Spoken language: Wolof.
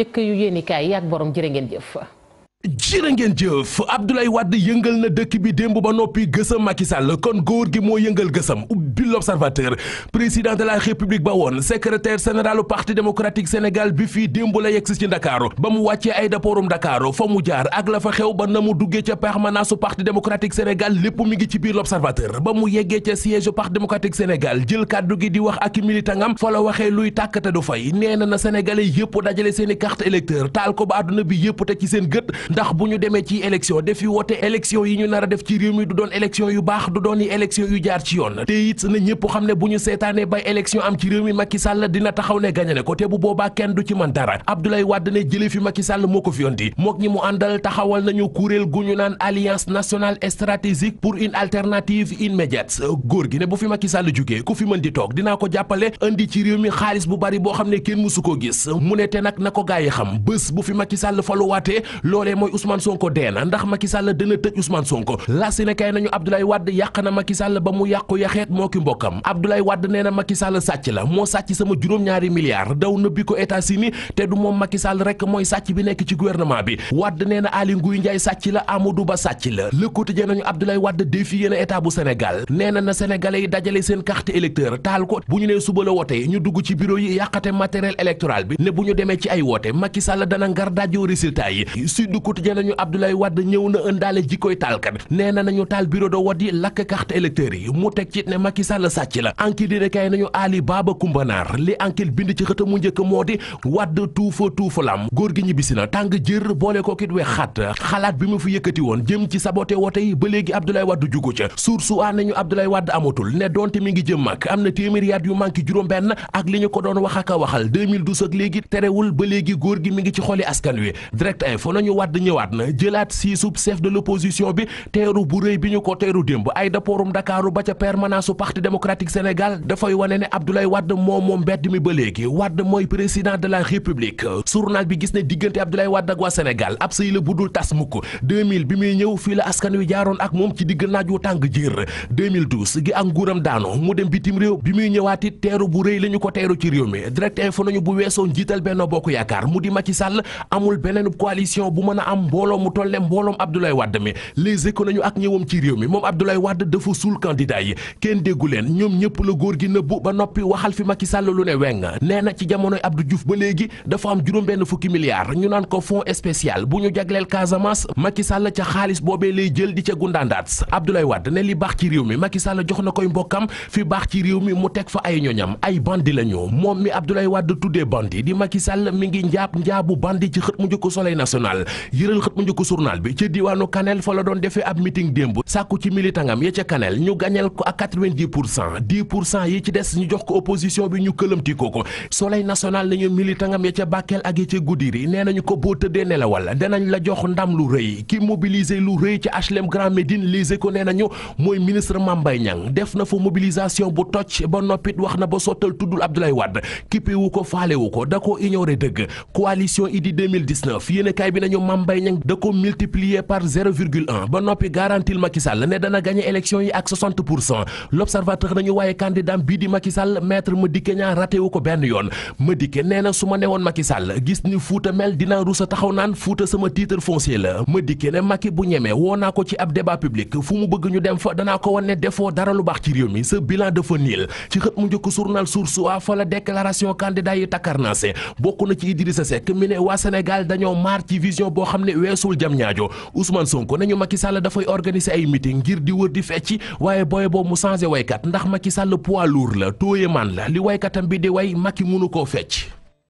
njëkk yu yéenikaay yi ak borom jërë ngeen jëf. jirë ngeen jëf Abdoulaye Wade yëngal na dëkk bi démb ba noppi gësëm Macky Sall kon góor gi moo yëngal gësam ubbi l'observateur président de la république ba woon secrétaire généralu parti démocratique Sénégal bi fii démb la yegsi ci ndakaaru ba mu wàccee ay daporum Dakar fa mu jaar ak la fa xew ba na mu duggee ca permanence parti démocratique Sénégal lépp mi ngi ci biir l'observateur ba mu yeggee ca siège parti démocratique Sénégal jël kàddu gi di wax ak i militangam fa la waxee luy tàkkate du fay nee na na sénégalais yëpp dajale seen i carte électeur taal ko ba àdduna bi yëpp te ci seen gët ndax bu ñu demee ci élection defi wote élection yi ñu nar a def ci réew mi du doon élection yu baax du doon yi élection yu jaar ci yoon te it na ñëpp xam ne bu ñu seetaanee bay élection am ci réew mi Macky Sall dina taxaw ne gañe ko te bu boobaa kenn du ci man dara Abdoulaye Wade ne jëlee fi Macky Sall moo ko fi yondi mook ñi mu àndal taxawal nañu kuréel gu ñu naan alliance nationale stratégique pour une alternative immédiate góor gi ne bu fi Macky Sall jugee ku fi mën di toog dinaa ko jàppale indi ci réew mi xaalis bu bari boo xam ne kenn mësu ko gis mu ne te nag na ko gaa xam bu fi Macky Sall faluwaatee loolee mooy Ousmane Sonko dee na ndax Macky Sall dana tëj Ousmane Sonko la si ne kay nañu Abdoulaye Wade yàq na Macky Sall ba mu yàqu yaxeet moo ki mbokkam Abdoulaye Wade nee na Macky sàcc la moo sàcc sama juróom-ñaari milliards daw nëbbi ko États-Unis te du moom Macky Sall rek mooy sàcc bi nekk ci gouvernement bi Wade nee na Aly Ngouille Ndiaye sàcc la Amadou Ba sàcc la Le Quotidien nañu Abdoulaye Wade défié na état bu Sénégal nee na na sénégalais yi dajale seen carte électeur taal ko bu ñu nee suba la wote ñu dugg ci bureau yi yàqate matériel électoral bi bu ñu demee ci ay woote Macky Sall dana ngar dajoo résultat yi quotidien nañu Abdoulaye Wade ñëw na ëndaale jikkoy taalkat nee na nañu taal bureau de yi lakk carte électeur yi mu teg ci ne Macky Sall sàcc la enquête dina kay nañu Ali Baba Kumbanaar li enquête bind ci xëta mu njëkk moo di tuufa tuufa lam góor gi ñibbisi na tàng jër boole ko kit we xat xalaat bi mu fi yëkkati woon jëm ci saboté wote yi ba léegi Abdoulaye Wade jugu ca sursu a nañu Abdoulaye Wade amatul ne donte mi ngi jëm mag am na téeméeri ko doon wax ak a waxal 2012 ak ba léegi gi mi ngi ci xoli askan wi ñëwaat na jëlaat siisub chef de l'opposition bi teeru bu rëy bi ñu ko teeru démb ay dapoorum Dakaaru ba ca permanence su parti démocratique Sénégal dafay wane ne Abdoulaye Wade moom mbedd mi ba léegi Wade mooy président de la République journal bi gis ne diggante Abdoulaye Wade ak waa Sénégal ab sëy la bu dul tas mukk bi muy ñëw fii la askan wi jaaroon ak moom ci digg naaj wu tàng jër gi ak nguuram daano mu dem bitim réew bi muy ñëwaat it teeru am mbooloo mu toll ne mbooloom Abdoulaye Wade mi les éco nañu ak ñëwam ci réew mi moom Abdoulaye Wade dafa suul candidat yi kenn déggu leen ñoom ñëpp la góor gi nëbbu ba noppi waxal fi Macky Sall lu ne weng nee na ci jamonoy Abdou Diouf ba léegi dafa am juróom benn fukki milliards ñu naan ko fonds spécial bu ñu jagleel Casamance Macky Sall ca xaalis boobee lay jël di ca gundaandaat Abdoulaye Wade ne li baax ci réew mi Macky Sall jox na koy mbokkam fi baax ci réew mi mu teg fa ay ñoñam ay bandi la ñu moom mi Abdoulaye Wade tuddee bandi di Macky Sall mi ngi njaab njaabu bandi ci xët mu njëkk Soleil national yëral xët mu bi ca diwaanu Kanel fa la doon defee ab meeting démb sàkku ci militangam ya ca Kanel ñu gañal ko ak yi ci des ñu jox ko opposition bi ñu këlamti ko ko soleil national nañu militangam ya ca Bakel ak ya ca Goudiri nee nañu ko boo tëddee nelawal danañ la jox ndam lu rëy ki mobiliser lu rëy ci HLM Grand Médine lise ko nee nañu mooy ministre Mame Mbaye def na fa mobilisation bu toj ba noppit wax na ba sottal Mame Mbaye da ko multiplier par 0,1 ba noppi garantil Macky Sall ne dana gagné élection yi ak l'observateur nañu waaye candidat bii di Macky Sall maître Madické Niang raté ko benn yoon Madické nee na su ma newoon Macky gis ni Fouta mel dinaa rusa taxaw naan Fouta sama titre foncier la Madické ne Macky bu ñemee woo ko ci ab débat public fu mu bëgg ñu dem fa danaa ko wan ne defoo dara lu baax ci réew mi sa bilan dafa niil ci xët mu njëkk A xam ne weesul jam ñaajo Ousmane Sonko nañu Macky Sall dafay organiser ay meeting ngir di wër di fecc waaye booy boobu mu changé waykat ndax Macky Sall poids lourd la tooye man la li woykatam bi di way Macky mënu koo fecc